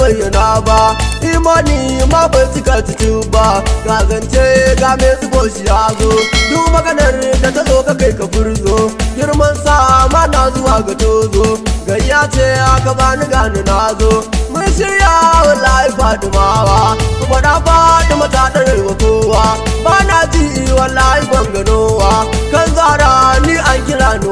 bayyana ba imani ma bai cika cikin ba ga ga mai zubo shi ya zo duk maganar da ta zo ka kai ka furzo girman sa ma na zuwa ga tozo gayya ce aka bani gani na zo mun shirya wallahi fadumawa kuma na da ta ɗarewa kowa ba na ji wallahi ban ganowa kan zara ni an kira ni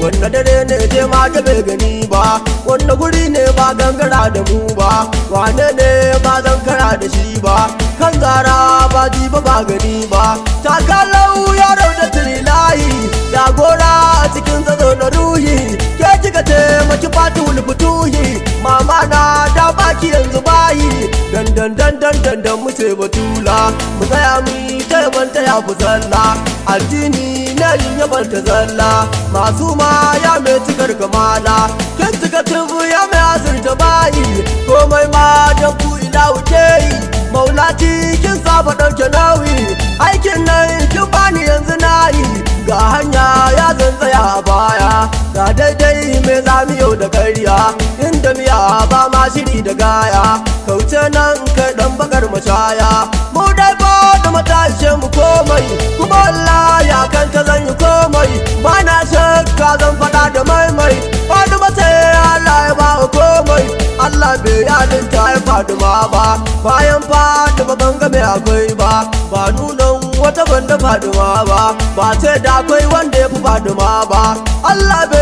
wanda dare ne je ma ta bai gani ba wanda guri ne ba gangara da mu ba wane ne ba zan da shi ba kan zara ba ji ba ba gani ba takalau ya da tirilayi da gora a cikin zazo na ruhi ke kika taimaki fatihul futuhi mama na da baki yanzu bayi dandan dandan dandan mu ce batula mu tsaya mu yabanta ya ku zalla addini na yin yabanta zalla masu ma ya mai cikar kamala Kin cika tubu ya mai azurta bayi komai ma dan ku ila wuce yi maula kin saba ɗauke nauyi aikin nan kin bani yanzu na yi ga hanya ya zanzaya a baya ga daidai mai zami yau da karya inda miya ba ma shiri da gaya kauce nan kai ɗan bakar mashaya komai kuma Allah ya kanta zan yi komai ba na shakka zan faɗa da maimai wani mace Allah ya ba komai Allah bai yadin ta ya ma ba bayan Faduma ban ga mai akwai ba ba nunan wata banda da ma ba ba ce da akwai wanda ya fi ma ba Allah bai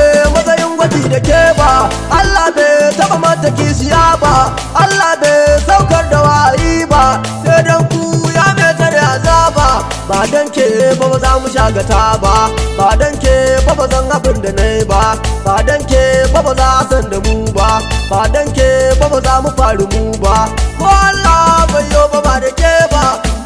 ba dan ke ba ba za mu shagata ba ba dan ke ba ba zan abin da nayi ba ba dan ke ba ba za san da mu ba ba dan ke ba ba za mu faru mu ba ko Allah bai yo ba ba da ke ba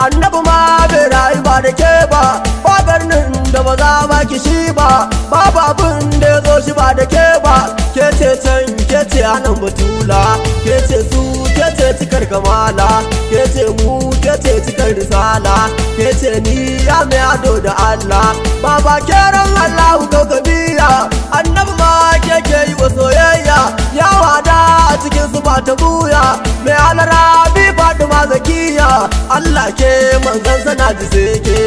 annabi ma bai rayu ba da ke ba ba garnin da ba za ma ki shi ba ba abin da ya zo shi ba da ke ba ke ce can ke ce anan batula ke ce su ke ce cikar kamala ke ce mu ke ce cikar risala yace ni ya mai ado da Allah baba keran Allah ko kabiya annabi ma ke ke yi wa soyayya ya wada a cikin su ba ta buya mai alarabi fatima zakiya Allah ke manzon sana ji seke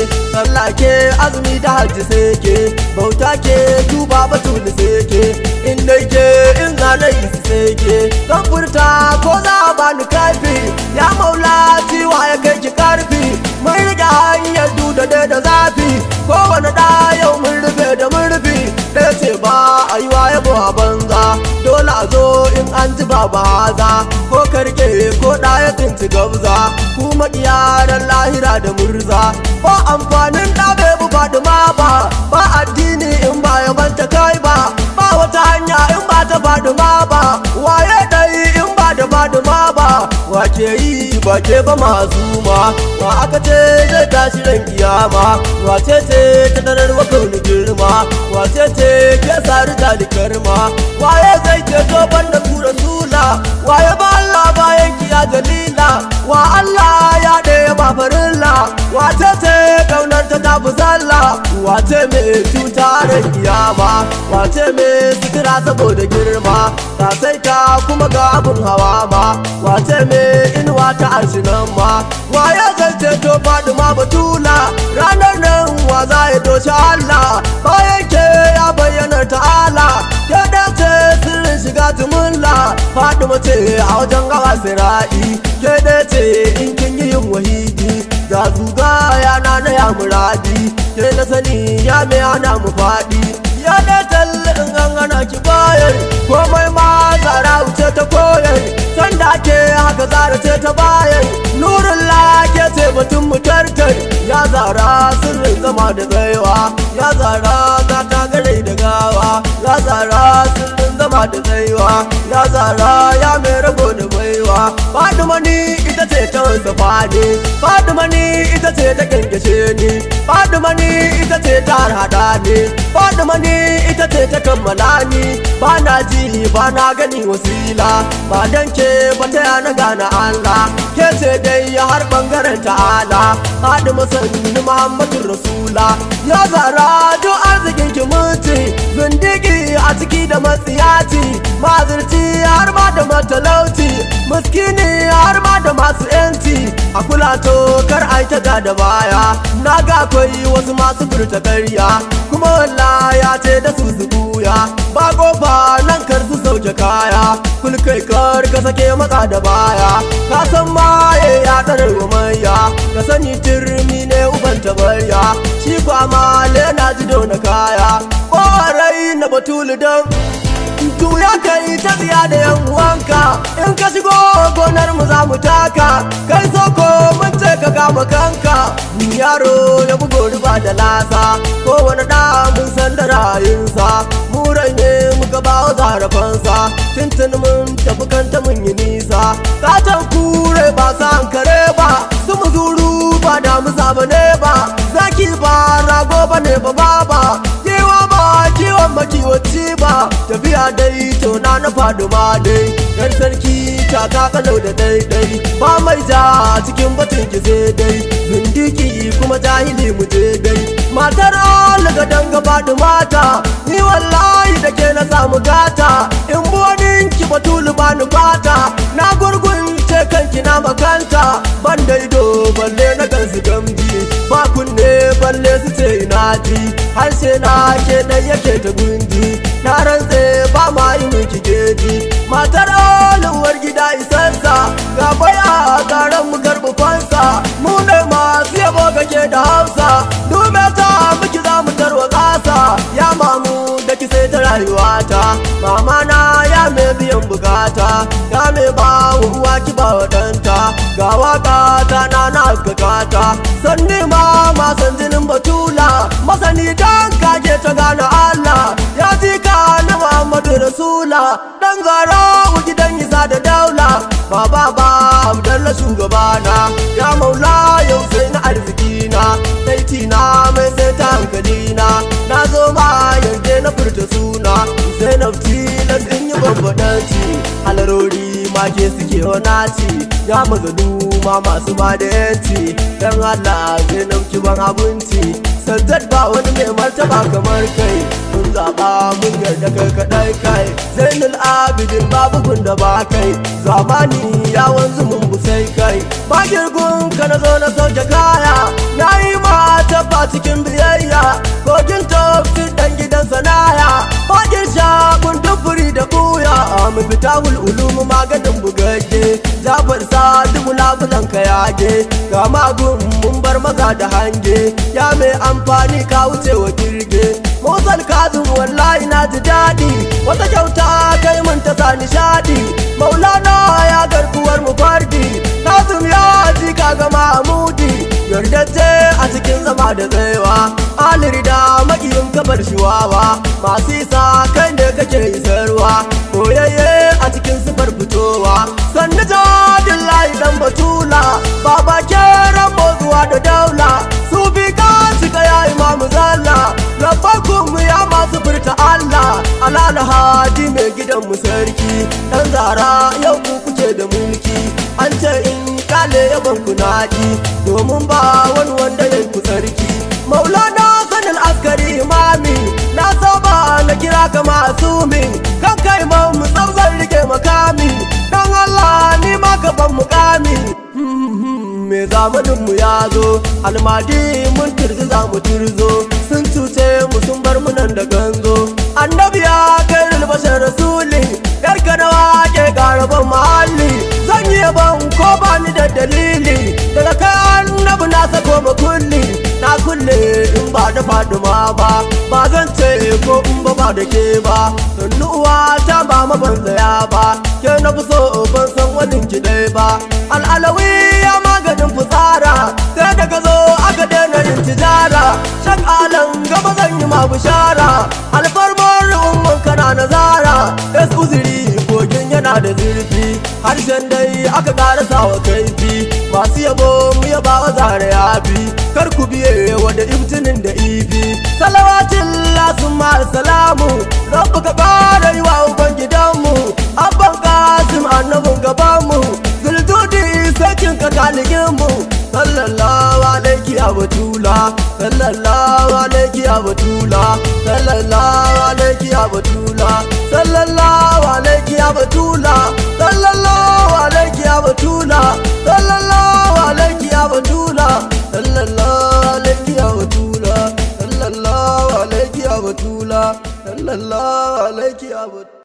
Allah ke azumi da hajji seke bauta ke duba batul seke in dai ke in zalai seke kan furta ko za a bani kafi ya an zuba ba ko karke ko ɗaya tuntu gabza kuma maƙiyaran lahira da murza ba amfanin bai bu ma ba ba addini in wa ke yi ba ke ba ma wa aka ce zai tashi ran kiyama wa ce ce ta darar wakar girma wa ce ce ke sari dalikar ma waye zai ban da kura sula waye ba Allah bayan kiya dalila wa Allah ya ɗaya ba farilla wa ce ce kaunar ta tafi zalla wa ce mai ranar kiyama wace me sikira saboda girma ta sai ta kuma ga abun hawa ma wace me inuwa ta arshinan ma waye zai ceto ma batula ranar nan wa za ya doshi Allah bayan ke ya bayyana ta'ala ya dace sirrin shiga jumulla faduma ce a wajen gawa sirai ke dace in kin yi yin wahidi ga zuga ya na ya muradi ke na sani ya mai ana mu faɗi ya da tallin gangana ki bayar komai ma zara wuce ta koyar sanda ke haka zara ce ta bayar nurin lake ce batun mu tartar ya zara sirrin zama da tsayuwa ya zara za ta gare da gawa ya zara sirrin zama da tsayuwa ya zara ya mai rago da su fadi Faduma ni ita ce ta kyankyashe ni Faduma ni ita ce ta harhaɗa ni Faduma ni ita ce ta kammala ni Ba na ji ba na gani wasila Ba dan ke ba ta yana gana Allah Ke ce dai ya har bangaren ta'ala Faduma sanni Muhammadu Rasula Ya zara duk arzikin ki mutu Zindigi a ciki da matsiyaci Mazirci har ma da matalauci Muskini har a kula to kar ai ta da baya na ga akwai wasu masu furta karya kuma walla ya ce da su su buya ba nan kar su sauke kaya kulkai kar ka sake matsa da baya ka san maye ya tarar rumayya ka sani turmi ne uban tabarya shi kwa male na ji dauna kaya rai na batulu don tuya kai ta tafiya da yan uwanka in ka shigo gonar mu za mu taka kai soko ba kanka yaro ya bugo riba da lasa kowane da mun san da sa mu ne muka ba wa zarafansa tintin mun tafi kanta mun yi nisa katon kure ba san kare ba su mu zuru ba da mu zaba ba zaki ba rago ba ne ba yiwaci ba tafiya dai to na na fadu ma dai dan sarki ta kalau da daidai ba mai ja cikin batun ki dai zindiki kuma jahili mu je dai matar alaga dan gaba da mata ni wallahi da ke na samu gata in buwanin ki tulu ba ni fata na gurgunce kanki na makanta ban daido balle na gansu gamji ba kunne balle su ce ina ji har sai na ke dan yake ta gundi matar oluwar gida isansa ga baya karan mu garbufansa mu ne masu yabo kake da hausa dume ta miki za mu tarwa kasa ya mamu da ki sai ta rayuwata mama na ya me biyan bukata ya me ba uwa ki ba wa danta ga waka ta na na gagata sanni ma ma san sula dan gara gidan isa da daula baba ba abdalla shugabana ya maula yau sai na arziki na saiti na mai sai ta hankalina na zo ma yanke na furta suna zainab tilas din yi bambadanci halarori ma ke suke wanaci ya mazalu ma masu ba da yanci dan allah zainab ban abinci santar ba wani mai martaba kamar kai zaɓa mun yarda kai kaɗai kai zainul abidin babu gunda ba kai zamani ya wanzu mun busai kai ba girgun ka na zo na sauke kaya na yi ma ba cikin biyayya kogin tafi dan gidan sanaya ba girsha kun duburi da buya mu fita ululu maganin bugagge zabar sa dubu labulan ka yage ga magun mun bar maza da hange ya mai amfani ka wuce wa kirge motsal ka yardacce a cikin zama da tsayawa alirda maƙiyin kabar shuwawa masu isa kai ne kake isarwa yaban ku naji domin ba wani wanda ya ku sarki maulana sanin askari mami na saba na kira ka masumi kan kai mu tsawon rike makami dan Allah ni ma ka ban mukami hmm, me mu ya zo almadi mun tirzi za mu tirzo sun cuci kulle in ba da ma ba ba zan ce ko in ba ba da ke ba nuwa ta ba mabanzaya ba ke na fi so ban san wani ki dai ba al'alawi ya maganin fusara sai daga zo aka daina yin tijara shan alan gaba zan yi ma bishara alfarmar umman kana nazara es uziri kogin yana da zurfi harshen dai aka karasa wa kaifi masu yabo mu yaba wa zare abi kar ku biye wanda imtinin da ibi e salawatin lasumma salamu rabu ka bara yi wa uban gidanmu abban kasim annabin gabanmu zulzudi sakin ka taliginmu sallallahu alaiki a batula sallallahu alaiki a batula sallallahu alaiki a sallallahu alaiki a sallallahu alaiki a batula Allah alaiki abu